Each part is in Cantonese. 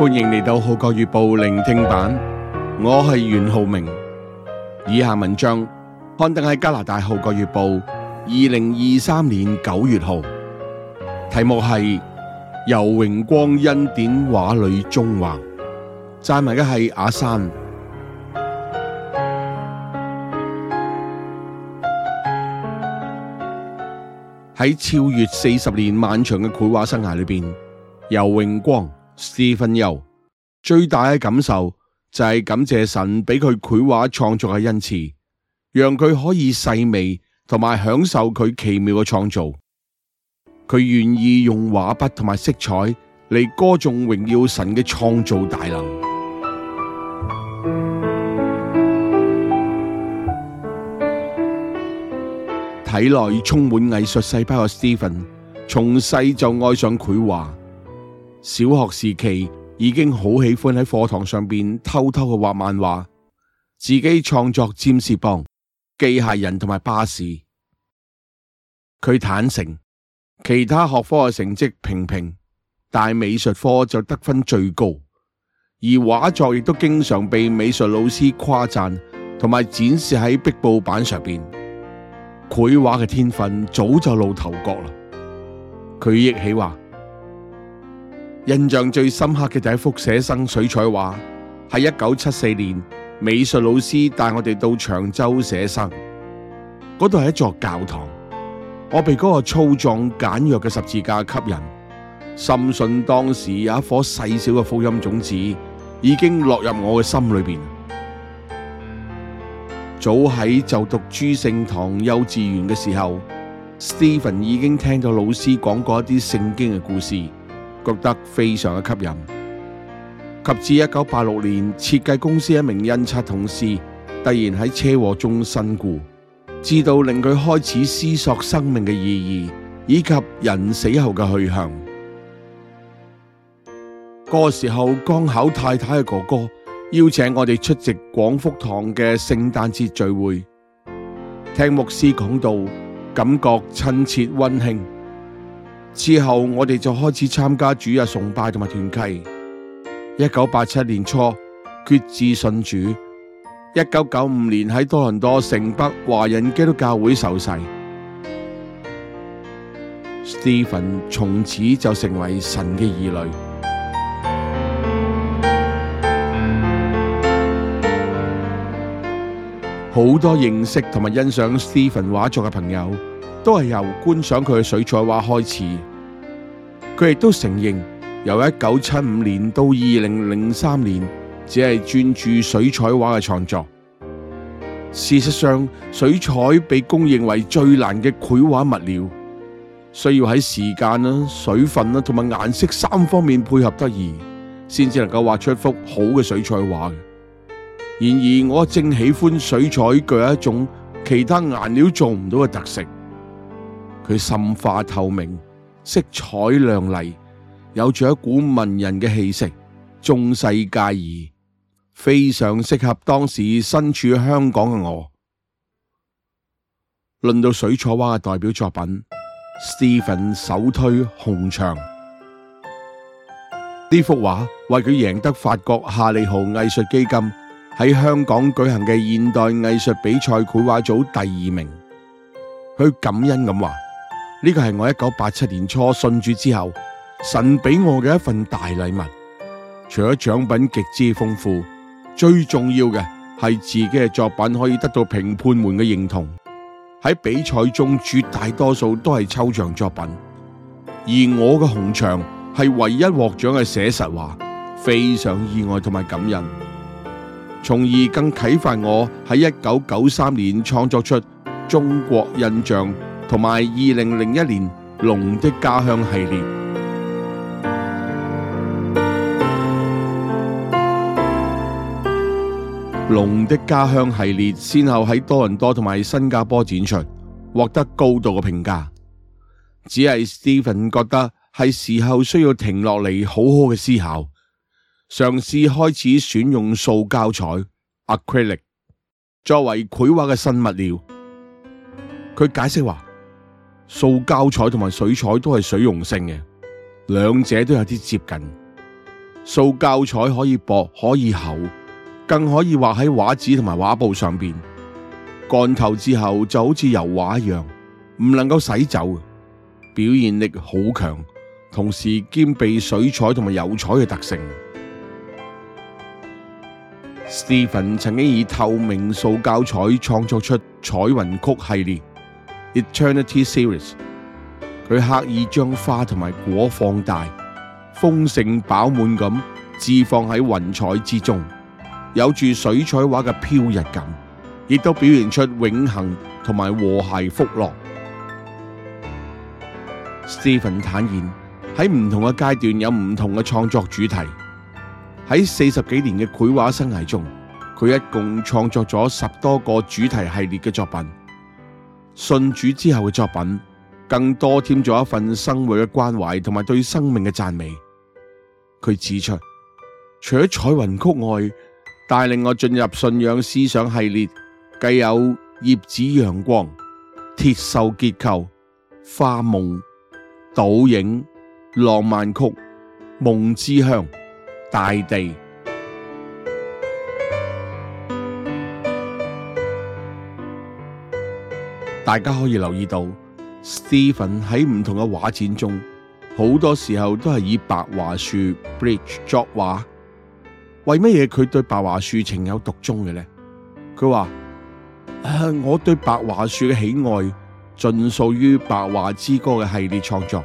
歡迎嚟到《浩國月報》聆聽版，我係袁浩明。以下文章刊登喺加拿大《浩國月報》二零二三年九月號，題目係《游榮光恩典畫裡縱橫》，撰文嘅係阿山。喺超越四十年漫長嘅繪畫生涯裏邊，游榮光。斯芬游最大嘅感受就係感謝神俾佢繪畫創作嘅恩賜，讓佢可以細味同埋享受佢奇妙嘅創造。佢願意用畫筆同埋色彩嚟歌頌榮耀神嘅創造大能。體內充滿藝術細胞嘅斯芬，從細就愛上繪畫。小學時期已經好喜歡喺課堂上邊偷偷去畫漫畫，自己創作占士邦、機械人同埋巴士。佢坦承其他學科嘅成績平平，但係美術科就得分最高，而畫作亦都經常被美術老師誇讚，同埋展示喺壁報板上邊。繪畫嘅天分早就露頭角啦。佢憶起話。印象最深刻嘅就係一幅寫生水彩畫，喺一九七四年，美術老師帶我哋到長洲寫生，嗰度係一座教堂，我被嗰個粗壯簡約嘅十字架吸引，深信當時有一顆細小嘅福音種子已經落入我嘅心裏邊。早喺就讀諸聖堂幼稚園嘅時候，Stephen 已經聽到老師講過一啲聖經嘅故事。覺得非常嘅吸引，及至一九八六年，設計公司一名印刷同事突然喺車禍中身故，至到令佢開始思索生命嘅意義，以及人死後嘅去向。嗰個時候，剛巧太太嘅哥哥邀請我哋出席廣福堂嘅聖誕節聚會，聽牧師講道，感覺親切溫馨。之後我哋就開始參加主日崇拜同埋團契。一九八七年初決志信主，一九九五年喺多倫多城北華人基督教會受洗。Stephen 從此就成為神嘅兒女。好多認識同埋欣賞 Stephen 畫作嘅朋友。都係由觀賞佢嘅水彩畫開始，佢亦都承認由一九七五年到二零零三年，只係專注水彩畫嘅創作。事實上，水彩被公認為最難嘅繪畫物料，需要喺時間啦、水分啦同埋顏色三方面配合得宜，先至能夠畫出一幅好嘅水彩畫。然而，我正喜歡水彩具有一種其他顏料做唔到嘅特色。佢深化透明，色彩亮麗，有住一股文人嘅氣息，眾世皆宜，非常適合當時身處香港嘅我。論到水彩畫嘅代表作品，Stephen 首推《紅牆》。呢幅畫為佢贏得法國夏利豪藝術基金喺香港舉行嘅現代藝術比賽繪畫組第二名，佢感恩咁話。呢個係我一九八七年初信主之後，神俾我嘅一份大禮物。除咗獎品極之豐富，最重要嘅係自己嘅作品可以得到評判們嘅認同。喺比賽中，絕大多數都係抽象作品，而我嘅紅牆係唯一獲獎嘅寫實畫，非常意外同埋感恩，從而更啟發我喺一九九三年創作出《中國印象》。同埋二零零一年《龍的家鄉》系列，《龍的家鄉》系列先後喺多倫多同埋新加坡展出，獲得高度嘅評價。只係 Stephen 覺得係時候需要停落嚟好好嘅思考，嘗試開始選用塑膠彩 Acrylic 作為繪畫嘅新物料。佢解釋話：塑膠彩同埋水彩都係水溶性嘅，兩者都有啲接近。塑膠彩可以薄可以厚，更可以畫喺畫紙同埋畫布上邊。乾透之後就好似油畫一樣，唔能夠洗走，表現力好強，同時兼備水彩同埋油彩嘅特性。Stephen 曾經以透明塑膠彩創作出彩雲曲系列。Eternity Series，佢刻意將花同埋果放大，豐盛飽滿咁，置放喺雲彩之中，有住水彩畫嘅飄逸感，亦都表現出永恆同埋和諧福樂。Stephen 坦言喺唔同嘅階段有唔同嘅創作主題，喺四十幾年嘅繪畫生涯中，佢一共創作咗十多個主題系列嘅作品。信主之後嘅作品，更多添咗一份生活嘅關懷同埋對生命嘅讚美。佢指出，除咗彩雲曲外，帶領我進入信仰思想系列，繼有葉子陽光、鐵鏽結構、花夢、倒影、浪漫曲、夢之鄉、大地。大家可以留意到，Stephen 喺唔同嘅畫展中，好多時候都係以白樺樹 bridge 作畫。為乜嘢佢對白樺樹情有獨鍾嘅咧？佢話：啊，我對白樺樹嘅喜愛盡屬於《白樺之歌》嘅系列創作。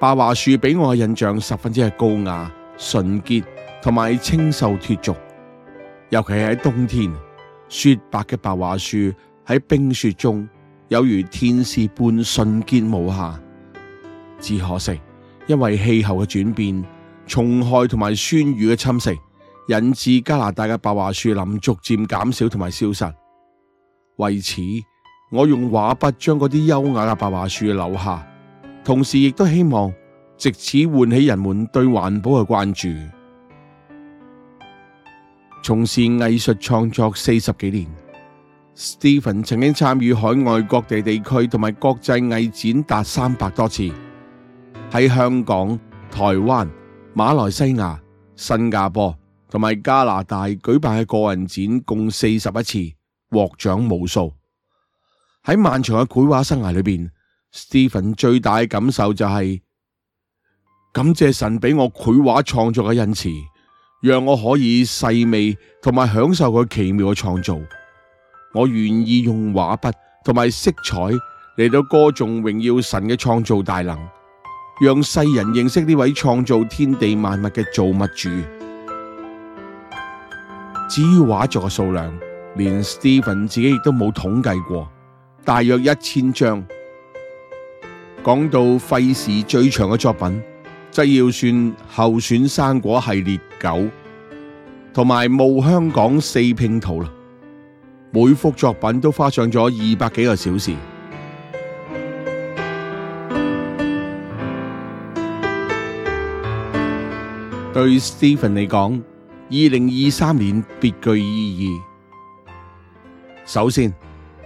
白樺樹俾我嘅印象十分之係高雅、純潔同埋清秀脫俗。尤其係喺冬天，雪白嘅白樺樹。喺冰雪中，有如天使般純潔無瑕。只可惜，因為氣候嘅轉變、蟲害同埋酸雨嘅侵蝕，引致加拿大嘅白樺樹林逐漸減少同埋消失。為此，我用畫筆將嗰啲優雅嘅白樺樹留下，同時亦都希望借此喚起人們對環保嘅關注。從事藝術創作四十幾年。Stephen 曾經參與海外各地地區同埋國際藝展達三百多次，喺香港、台灣、馬來西亞、新加坡同埋加拿大舉辦嘅個人展共四十一次，獲獎無數。喺漫長嘅繪畫生涯裏邊 Stephen 最大嘅感受就係、是、感謝神俾我繪畫創作嘅恩賜，讓我可以細味同埋享受佢奇妙嘅創造。我願意用畫筆同埋色彩嚟到歌頌榮耀神嘅創造大能，讓世人認識呢位創造天地萬物嘅造物主。至於畫作嘅數量，連 Stephen 自己亦都冇統計過，大約一千張。講到費時最長嘅作品，則要算《候選生果系列九》同埋《霧香港四拼圖》啦。每幅作品都花上咗二百幾個小時對來說。對 Stephen 嚟講，二零二三年別具意義。首先，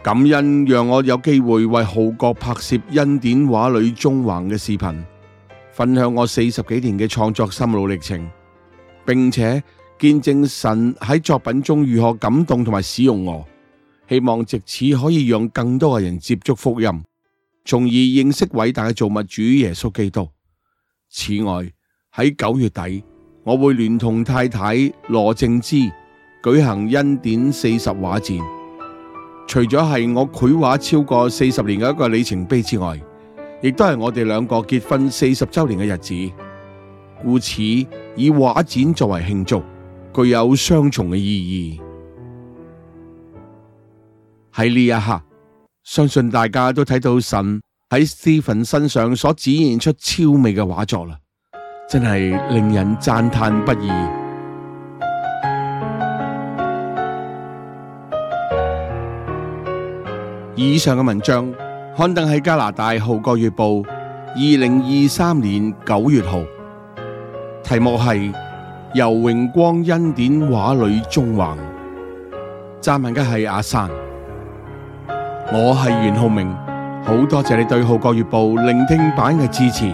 感恩讓我有機會為號角拍攝《恩典畫裏縱橫》嘅視頻，分享我四十幾年嘅創作心路歷程，並且見證神喺作品中如何感動同埋使用我。希望借此可以讓更多嘅人接觸福音，從而認識偉大嘅造物主耶穌基督。此外，喺九月底我會聯同太太羅正之舉行恩典四十畫展，除咗係我繪畫超過四十年嘅一個里程碑之外，亦都係我哋兩個結婚四十周年嘅日子，故此以畫展作為慶祝，具有雙重嘅意義。喺呢一刻，相信大家都睇到神喺 Stephen 身上所展現出超美嘅畫作啦，真係令人讚嘆不已。以上嘅文章刊登喺加拿大號《號角月報》二零二三年九月號，題目係《游榮光恩典畫裡縱橫》，撰文嘅係阿生。我係袁浩明，好多謝你對《號角月報》聆聽版嘅支持。